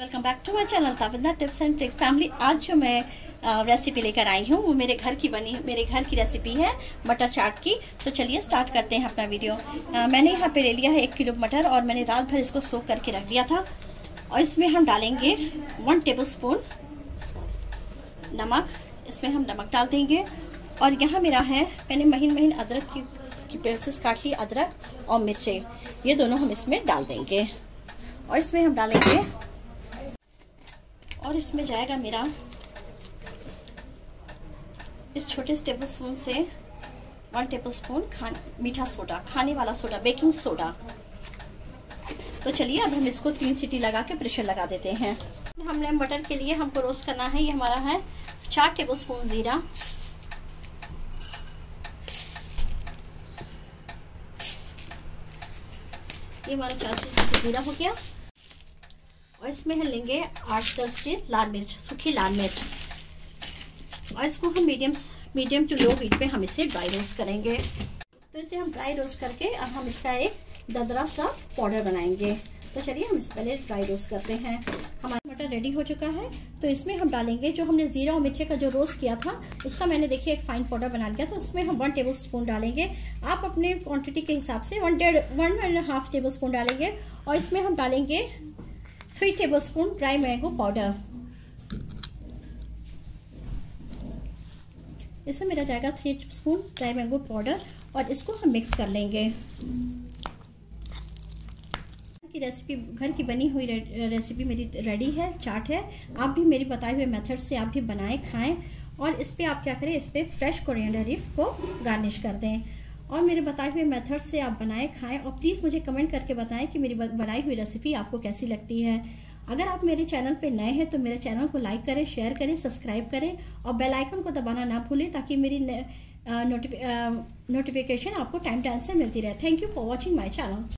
welcome back to my channel ताविंदा tips and trick family आज जो मैं रेसिपी लेकर आई हूँ वो मेरे घर की बनी मेरे घर की रेसिपी है मटर चाट की तो चलिए स्टार्ट करते हैं अपना वीडियो आ, मैंने यहाँ पे ले लिया है एक किलो मटर और मैंने रात भर इसको सोख करके रख दिया था और इसमें हम डालेंगे वन टेबल स्पून नमक इसमें हम नमक डाल देंगे और यहाँ मेरा है मैंने महीन महीन अदरक की, की पेसेस काट ली अदरक और मिर्चें ये दोनों हम इसमें डाल देंगे और इसमें हम डालेंगे और इसमें जाएगा मेरा इस छोटे टेबल स्पून से वन टेबल स्पून खान मीठा सोडा खाने वाला सोडा बेकिंग सोडा तो चलिए अब हम इसको तीन सीटी लगा के प्रेशर लगा देते हैं हमने मटर के लिए हमको रोस्ट करना है ये हमारा है चार टेबल स्पून ज़ीरा ये हमारा चार टेबल स्पून ज़ीरा हो गया और इसमें हम लेंगे आठ दस से लाल मिर्च सूखी लाल मिर्च और इसको हम medium medium to low heat पे हम इसे ड्राई रोस्ट करेंगे तो इसे हम ड्राई रोस्ट करके अब हम इसका एक ददरा सा पाउडर बनाएंगे तो चलिए हम इसे पहले ड्राई रोस्ट करते हैं हमारा मटर रेडी हो चुका है तो इसमें हम डालेंगे जो हमने ज़ीरा और मिर्चे का जो रोस्ट किया था उसका मैंने देखिए एक फाइन पाउडर बना लिया तो उसमें हम वन टेबल स्पून डालेंगे आप अपने क्वांटिटी के हिसाब से वन डेढ़ one and half tablespoon डालेंगे और इसमें हम डालेंगे three tablespoon dry mango powder इससे मेरा जाएगा three spoon dry mango powder और इसको हम मिक्स कर लेंगे की रेसिपी घर की बनी हुई रेसिपी मेरी रेडी है चाट है आप भी मेरी बताए हुए मेथड से आप भी बनाएं खाएं और इस पर आप क्या करें इस पर फ्रेश कोरिएंडर लीफ को गार्निश कर दें और मेरे बताए हुए मेथड से आप बनाएं खाएं और प्लीज़ मुझे कमेंट करके बताएं कि मेरी बनाई हुई रेसिपी आपको कैसी लगती है अगर आप मेरे चैनल पर नए हैं तो मेरे चैनल को लाइक करें शेयर करें सब्सक्राइब करें और बेल आइकन को दबाना ना भूलें ताकि मेरी नोटिफिकेशन आपको टाइम टाइम से मिलती रहे thank you for watching my channel